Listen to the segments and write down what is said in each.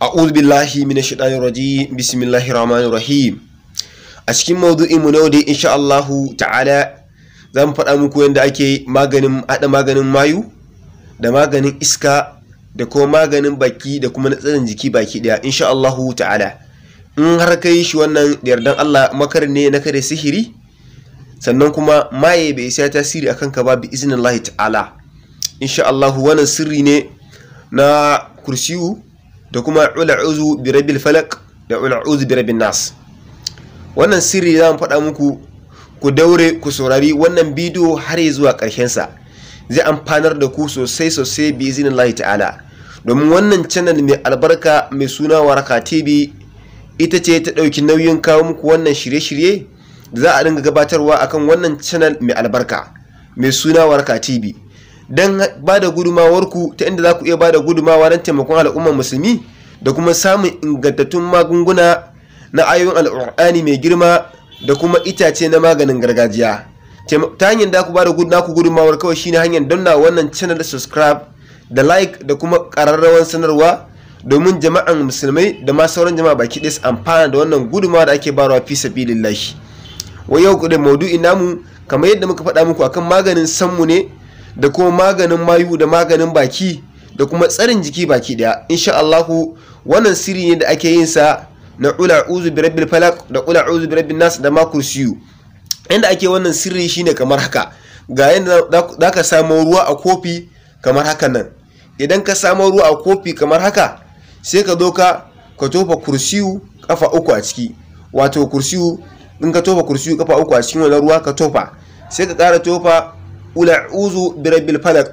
a'udhu billahi minash shaitanir rajim bismillahir rahmanir rahim a cikin maudu'in mu na yau insha Allahu ta'ala zan faɗa muku yadda ake maganin hada maganin mayu da maganin iska da kuma maganin baki da kuma natsarin jiki baki ɗaya. insha Allahu ta'ala in har kai shi wannan da yardan Allah makar ne na kare sihiri sannan kuma maye bai isa tasiri akan ka ba bi iznillahi ta'ala insha Allahu wannan sirri ne na kursiyu da kuma ul'uzu bi rabbil falak da ul'uzu bi rabbin nas wannan sirri zan mu faɗa muku ku daure ku saurari wannan bidiyo har zuwa ƙarshen sa zai amfanar da ku sosai sosai bi izinin Allah ta'ala domin wannan channel mai albarka mai suna waraka tv ita ce ta ɗauki nauyin kawo muku wannan shirye-shirye da za a dinga gabatarwa akan wannan channel mai albarka mai suna waraka tv don ba da gudumawarku ta inda za ku iya ba da gudumawa don taimakon al'ummar musulmi da kuma samun ingantattun magunguna na ayoyin al'ur'ani mai girma da kuma itace na maganin gargajiya ta hanyar da ku ba da naku gudumawar kawai shine hanyar danna wannan channel subscribe da like da kuma ƙararrawan sanarwa domin jama'an musulmai da ma sauran jama'a baki ɗaya su amfana da wannan gudumawa da ake barawa fi sabilillahi wa yau da maudu'i namu kamar yadda muka faɗa muku akan maganin sanmu ne da kuma maganin mayu da maganin baki da kuma tsarin jiki baki daya insha Allahu wannan sirri ne da ake yin sa na ula uzu bi rabbil falaq da ula uzu bi rabbin nas da ma kursiyu inda ake wannan sirri shine kamar haka ga yanda za ka ruwa a kofi kamar haka nan idan ka samu ruwa a kofi kamar haka sai ka zo ka tofa kursiyu kafa uku a ciki wato kursiyu in ka tofa kursiyu kafa uku a cikin wannan ruwa ka tofa sai ka kara tofa ula'uzu birabbil falak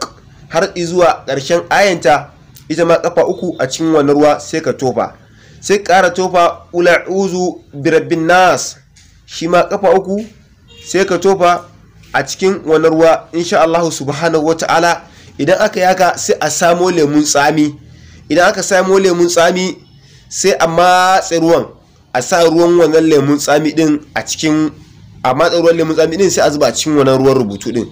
har izuwa ƙarshen ayanta ita ma kafa uku a cikin wannan ruwa sai ka tofa sai ƙara tofa ula'uzu birabbin nas shi ma kafa uku sai ka tofa a cikin wannan ruwa insha Allah subhanahu wata'ala idan aka yi haka sai a samo lemun tsami idan aka samo lemun tsami sai a matse ruwan a sa ruwan wannan lemun tsami din a cikin a matse ruwan lemun tsami din sai a zuba cikin wannan ruwan rubutu din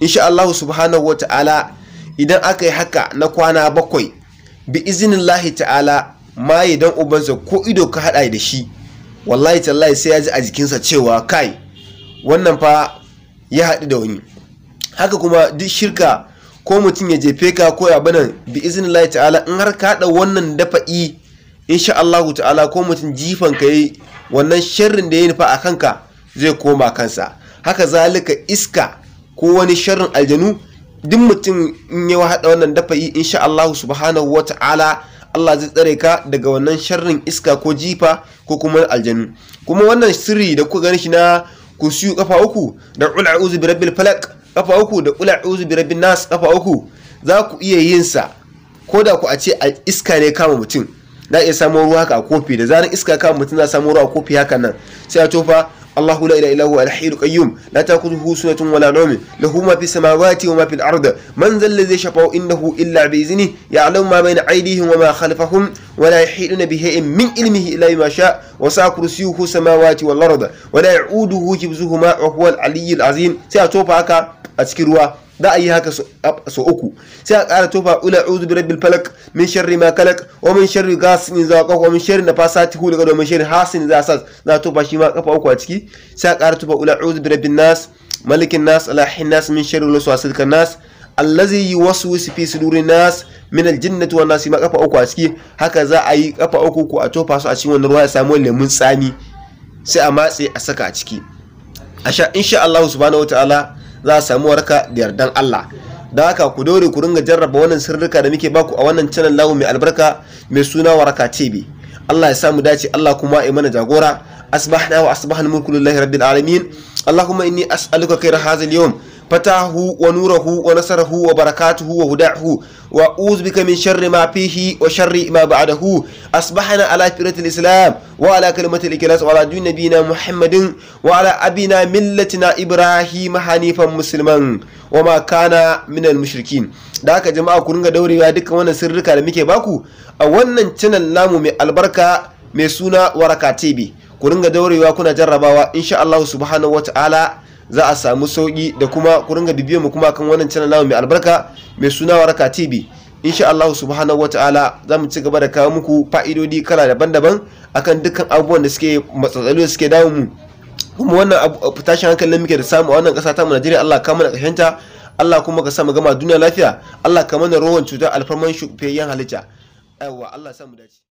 insha Allah subhanahu wa ta'ala idan aka yi haka na kwana bakwai bi izinin lahi ta'ala maye dan ubansa ko ido ka haɗa da shi wallahi tallahi sai ya ji a jikinsa cewa kai wannan fa ya haɗu da wani haka kuma duk shirka ko mutum ya jefe ka ko ya banan bi izinin lahi ta'ala in har ka haɗa wannan dafa'i insha Allah ta'ala ko mutum jifan ka yi wannan sharrin da ya nufa a kanka zai koma kansa haka zalika iska ko wani sharrin aljanu duk mutum in ya haɗa wannan dafa yi insha Allah subhanahu wa ta'ala Allah zai tsare ka daga wannan sharrin iska ko jifa ko kuma aljanu kuma wannan sirri da kuka gani shi na ku siyu kafa uku da ula uzu bi rabbil falak kafa uku da ula uzu bi rabbin nas kafa uku za ku iya yin sa ko da ku a ce iska ne kama mutum za iya samun ruwa haka a kofi da zaran iska kama mutum za a samu ruwa a kofi haka nan sai a tofa الله لا إله إلا هو الحي القيوم لا تأخذه سنة ولا نوم له ما في السماوات وما في الأرض من ذا الذي شفع إنه إلا بإذنه يعلم ما بين أيديهم وما خلفهم ولا يحيطون بشيء من علمه إلا بما شاء وسع كرسيه السماوات والأرض ولا يعوده حفظهما وهو العلي العظيم سيأتوب هكا أتكروا za a yi haka so uku sai a ƙara tofa ula uzu bi rabbil falak min sharri ma kalak wa min sharri ghasin za qaf wa min sharri nafasati hu daga min sharri hasin za sas za tofa shi ma kafa uku a ciki sai a ƙara tofa ula uzu bi rabbin nas malikin nas alahin nas min sharri waswasil kan nas allazi yuwaswisu fi sudurin nas min aljinnati wan nas ma kafa uku a ciki haka za a yi kafa uku ko a tofa su a cikin wannan ruwa ya samu lemun tsami sai a matse a saka a ciki insha Allah subhanahu ta'ala za a samu waraka da yardan Allah da haka ku dore ku ringa jarraba wannan sirrika da muke baku a wannan channel lawo mai albarka mai suna waraka TV Allah ya samu dace Allah kuma ya mana jagora asbahna wa asbahal mulku lillahi rabbil alamin Allahumma inni as'aluka khayra hadha al-yawm Fatahu hu wa nura wa nasar wa barakatu hu wa huda hu min sharri ma fihi wa sharri ma ba'dahu asbahna ala firatil islam wa ala kalimati al-ikhlas wa ala muhammadin wa abina millatina ibrahim hanifan musliman wa ma kana min da haka jama'a ku ringa daurewa dukkan wannan sirrika da muke baku a wannan channel namu mai albarka mai suna warakatibi ku ringa daurewa kuna jarrabawa insha Allah subhanahu wa ta'ala za a samu sauki da kuma ku ringa bibiyar mu kuma kan wannan channel namu mai albarka mai suna waraka tv insha Allah subhanahu wataala za mu ci gaba da kawo muku fa'idodi kala daban-daban akan dukkan abubuwan da suke matsaloli da suke dawo mu kuma wannan tashin hankalin muke da samu a wannan ƙasa ta mu Najeriya Allah ka mana ƙashenta Allah kuma ka sa mu gama duniya lafiya Allah ka mana rohon cutar alfarman shufiyayyen halitta yawa Allah sa dace